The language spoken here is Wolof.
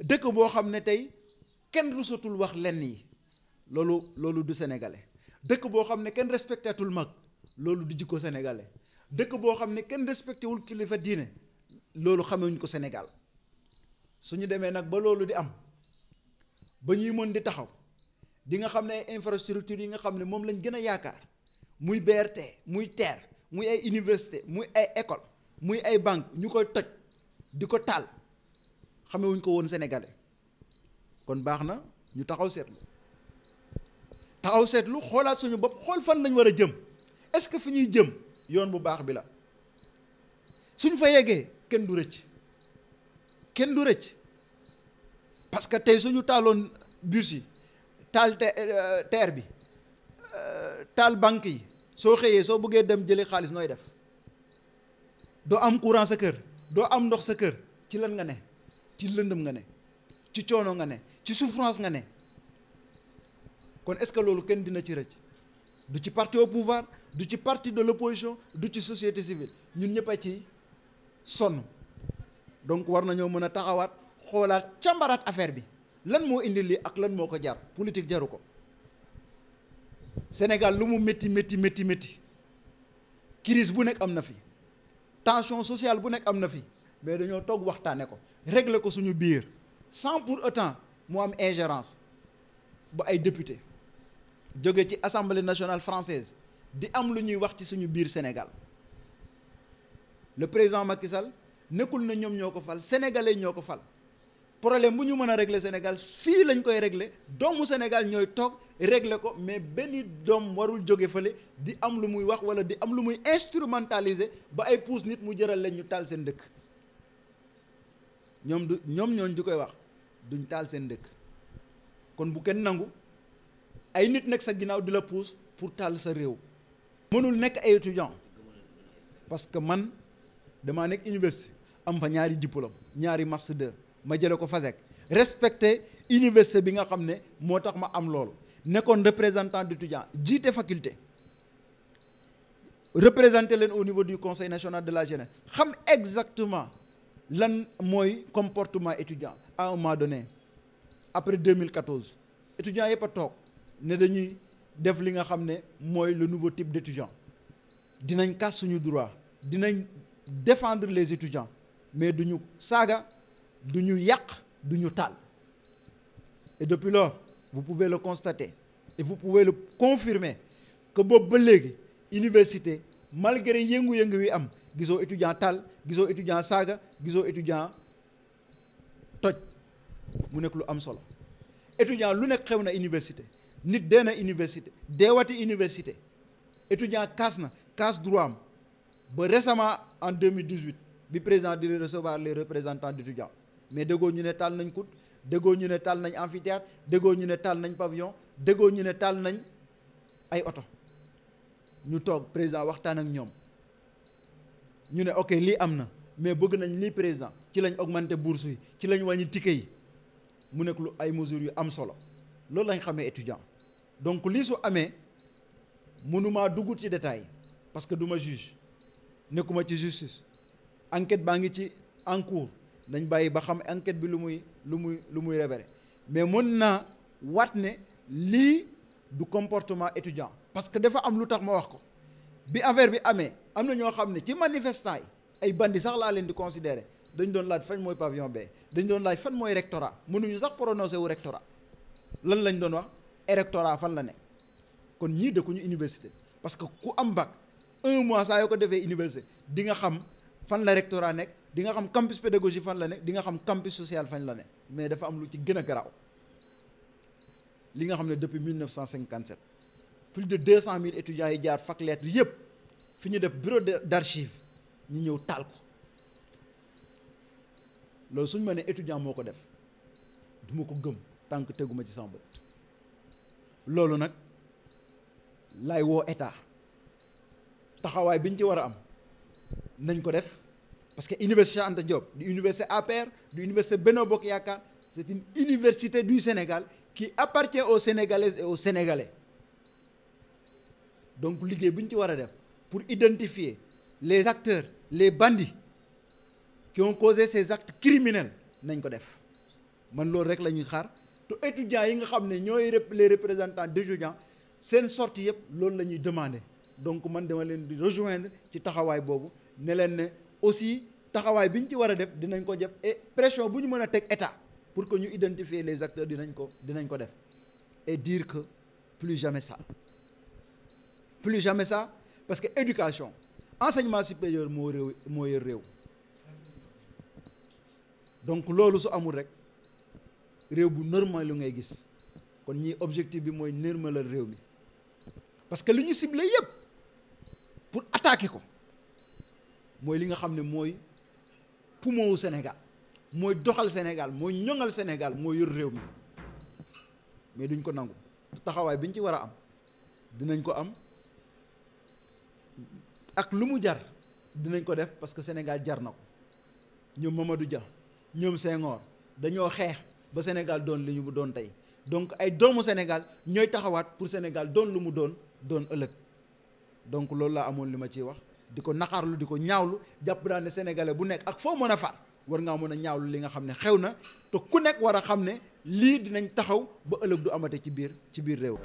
dëkk boo xam ne tey kenn rusatul wax lenn yi loolu loolu du sénégalais dëkk boo xam ne kenn respectatul mag loolu du jikko sénégalais dëkk boo xam ne kenn respecté wul kilifa diine loolu xamewuñ ko senegal su ñu demee nag ba loolu di am ba ñuy mën di taxaw di nga xam ne infrastructure yi nga xam ne moom lañ gën a yaakaar muy BRT muy teer muy ay université muy ay école muy ay banque ñu koy toj di ko taal xamewuñ ko woon sénégale kon baax na ñu taxaw seetlu taxaw seetlu xoolaat suñu bopp xool fan lañ war a jëm est-ce que fi ñuy jëm yoon bu baax bi la suñ fa yeggee kenn du rëcc kenn du rëcc parce que tey suñu taaloon bus yi taal euh, terre bi euh, taal banque yi soo xëyee soo bëggee dem jëli xaalis nooy def doo am courant sa kër doo am ndox sa kër ci lan nga ne ci lëndëm nga ne ci coono nga ne ci souffrance nga ne kon est-ce que loolu kenn dina ci rëcc du ci parti au du ci parti de l'opposition du ci société civile ñun ñëpp a ci sonn donc war nañoo mën a taxawaat xoolaat càmbaraat affaire bi lan moo indi lii ak lan moo ko jar politique jaru ko Sénégal lu mu métti métti métti métti crise bu nekk am na fi tension sociale bu nekk am na fi mais dañoo toog waxtaane ko régler ko suñu biir sans pour autant mu am ingérence ba ay député jóge ci assemblée nationale française di am lu ñuy wax ci suñu biir Sénégal le président Macky nekkul na ñoom ñoo ko fal sénégalais ñoo ko fal problème bu ñu mën a réglé Sénégal fii lañ koy régler doomu Sénégal ñooy toog régler ko mais benn doom warul jóge fële di am lu muy wax wala di am lu muy instrumentaliser ba ay puus nit mu jëral leen ñu taal seen dëkk ñoom du ñoom ñooñ di koy wax duñ taal seen dëkk kon bu kenn nangu ay nit nekk sa ginnaaw di la puus pour tàll sa réew mënul nekk ay étudiant parce que man damaa nekk université am fa ñaari diplôme ñaari master 2 ma jële ko FASEC respecté université bi nga xam ne moo tax ma am loolu nekkoon représentant d'étudiant jiite faculté représenté leen au niveau du conseil national de la jeunesse xam exactement lan mooy comportement étudiant à un moment donné après 2014 étudiants yëpp a toog ne dañuy def li nga xam ne mooy le nouveau type d' dinañ kas suñu droit dinañ défendre les étudiants mais duñu saaga du ñu yàq du ñu taal et de lors vous pouvez le constater et vous pouvez confirmer que boobu ba léegi université malgré yëngu-yëngu wi am gisoo étudiant taal gisoo étudiant saaga gisoo étudiant toj mu nekk lu am solo étudiant lu nekk xew na université nit dee na université deewati université étudiant kaas na kaas droit am ba récemment en 2018 bi président di recevoir les représentants d'étudiants mais déggoo ñu ne taal nañ COUD déggoo ñu ne taal nañ amphithéâtre déggoo ñu ne taal nañ pavillon déggoo ñu ne taal nañ ay oto ñu toog président waxtaan ak ñoom ñu ne ok lii am na mais bëgg nañ lii président ci lañ augmenté bourse yi ci lañ wàññi ticket yi mu nekk lu ay mesures yu am solo loolu lañ xamee étudiant donc lii su amee mënumaa dugg ci détail parce que du ma juge nekkuma ci justice enquête baa ngi ci en dañ bàyyi ba xam enquête bi lu muy lu muy lu muy rebere mais mën naa waat ne lii du comportement étudiant parce que dafa am lu tax ma wax ko bi affaire bi amee am na ñoo xam ne ci manifestant yi ay bandi sax laa leen di considéré dañ doon laaj fan mooy pavillon B dañ doon laaj fan mooy rectorat mënuñu sax prononcé wu rectorat lan lañ doon wax rectorat fan la ne kon ñii dëkkuñu université parce que ku am bac un mois saa yoo ko defee université di nga xam fan la rectorat nekk di nga xam campus pédagogie fan la nekk di nga xam campus social fan la nekk mais dafa am lu ci gën a garaaw li nga xam ne depuis 1957 plus de 200000 étudiants yi jaar fac lettres yëpp fi ñu def bureau d'archives ñu ñëw taal ko loolu suñ ma ne étudiant moo ko def duma ko gëm tànk teguma ci sama bët loolu nag lay woo état taxawaay biñ ci war a am. nañ ko def parce que université Anta Diop du université APR du université Benno Bokk Yaakaar c'est une université du Sénégal qui appartient aux Sénégalaises et aux Sénégalais donc liggéey bu ñu ci war a def pour identifier les acteurs les bandits qui ont causé ces actes criminels nañ ko def man loolu rek la ñuy xaar te étudiants yi nga xam ne ñooy les représentants d'étudiants seen sortie yëpp loolu la ñuy demander donc man dama leen di rejoindre ci taxawaay boobu ne leen ne aussi taxawaay bi ñu ci war a def dinañ ko jef et pression bu ñu mën a teg état pour que ñu identifier les acteurs dinañ ko dinañ ko def et dire que plus jamais ça plus jamais ça parce que éducation enseignement supérieur moo réew moo yor réew donc loolu su amul rek réew bu normal lu ngay gis kon ñii objectif bi mooy normalal réew mi parce que li ñu ciblé yépp pour attaquer ko mooy li nga xam ne mooy poumon wu Sénégal mooy doxal Sénégal mooy ñoŋal Sénégal mooy yor réew mi mais duñ ko nangu taxawaay bi biñ ci war a am dinañ ko am ak lu mu jar dinañ ko def parce que Sénégal jar na ko ñoom Mamadou Dia ñoom Senghor dañoo xeex ba Sénégal doon li ñu doon tey donc ay doomu Sénégal ñooy taxawaat pour Sénégal doon lu mu doon doon ëllëg donc loolu laa amoon li ma ciy wax di ko naqarlu di ko ñaawlu jàpp daal ne sénégalais bu nekk ak foo mën a far war ngaa mën a ñaawlu li nga xam ne xew na te ku nekk war a xam ne lii dinañ taxaw ba ëllëg du amate ci biir ci biir réew